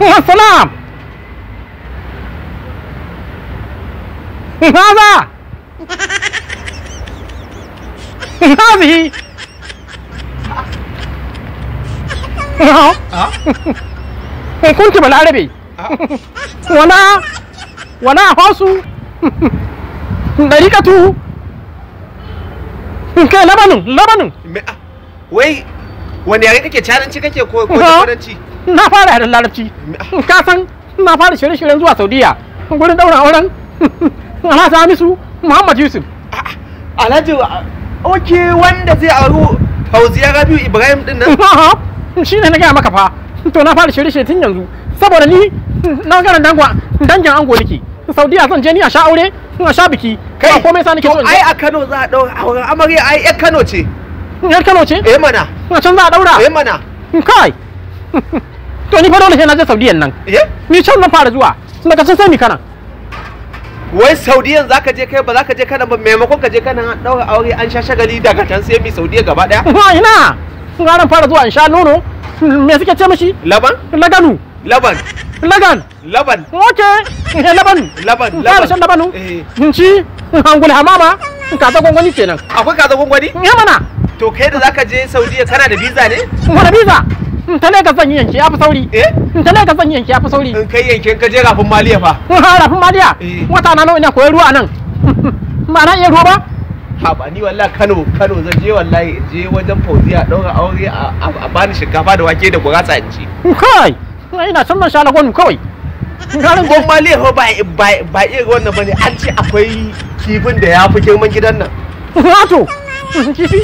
يا سلام هذا هذه آه؟ كنت بالعربي آه؟ ولا وانا هاسو طريقته كان لبن لبن وي wani yare kake caranci kake ko ko faranci na fara yaren larabci ka san na fara shirye-shiryen zuwa saudiya gurin daura auren alhaji hamisu muhammad yusuf alhaji oke wanda zai aru fauziya rabiu ibrahim din nan shi ne na gaya maka fa to na fara shirye shiryen tun yanzu saboda ni na garan dangin ango nake saudiya zan je ni a sha aure a sha biki kai komai sa nake so ai a kano za a daura auren amarya ai yar kano ce yar kano ce eh mana na can za a daura eh mana kai to ni fa dole sai na je nan ni can na fara zuwa daga mi kana wai saudiyan za ka je kai ba za ka je kana ba maimakon ka je kana ɗaura aure an sha shagali daga can sai mi saudiya gaba ɗaya ina ranar fara zuwa in sha nono me suke ce mishi laban laganu laban lagan laban ok laban laban laban shan labanu in ci hangul hamama kaza gongoni kenan akwai kaza gongoni ya mana to kai da zaka je saudiya kana da visa ne da visa in ta ne ka sanya yanke ya fi sauri eh? in ta ne ka sanya yanke ya fi sauri in kai yanki ka je rafin maliya fa rafin maliya eh. wata na nawa ina koyar ruwa nan ba na iya ruwa ba ni wallahi kano kano zan je wallahi je wajen fauziya daura aure a bani shinkafa da wake da gurasa in ci kai ina san man shala gonu kawai garin gon maliya fa ba ba iya wannan bane an ce akwai kifin da ya fi girman gidan nan wato kifi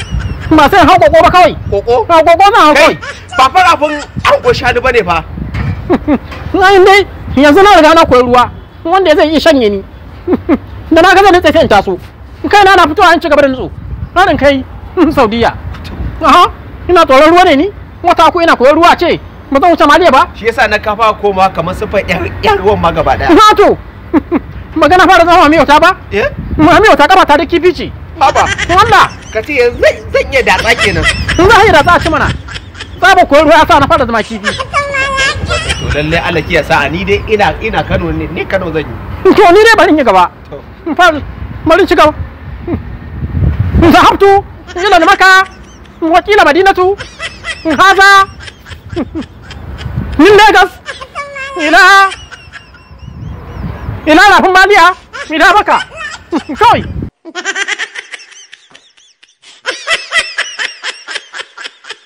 ma sai hau koko ba kawai koko ba koko hau kai ba fa abun ango shanu bane fa na dai yanzu na riga na koyi ruwa wanda zai iya shanye ni da na ga zan tsaye in taso kai na na fitowa an ci gaba da nutsu ranin kai saudiya aha ina tsoron ruwa ne ni wata ko ina koyon ruwa ce ba zan wuce maliya ba shi yasa na kafa koma kamar sufan yar yar ruwan ma gaba daya wato magana fara zama mai wata ba eh mai wata kaba ta da kifi ce haba to Allah ka ce zan zan iya datsa kenan in za a datsa a ci mana za ba koyi ruwa sa na fara zama kifi to lalle Allah ki sa ni dai ina ina Kano ne ni Kano zan yi to ni dai barin yi gaba in fara marin ci gaba in zahabtu ila maka wakila madinatu in haza min Lagos ila ina rafin maliya ina maka kawai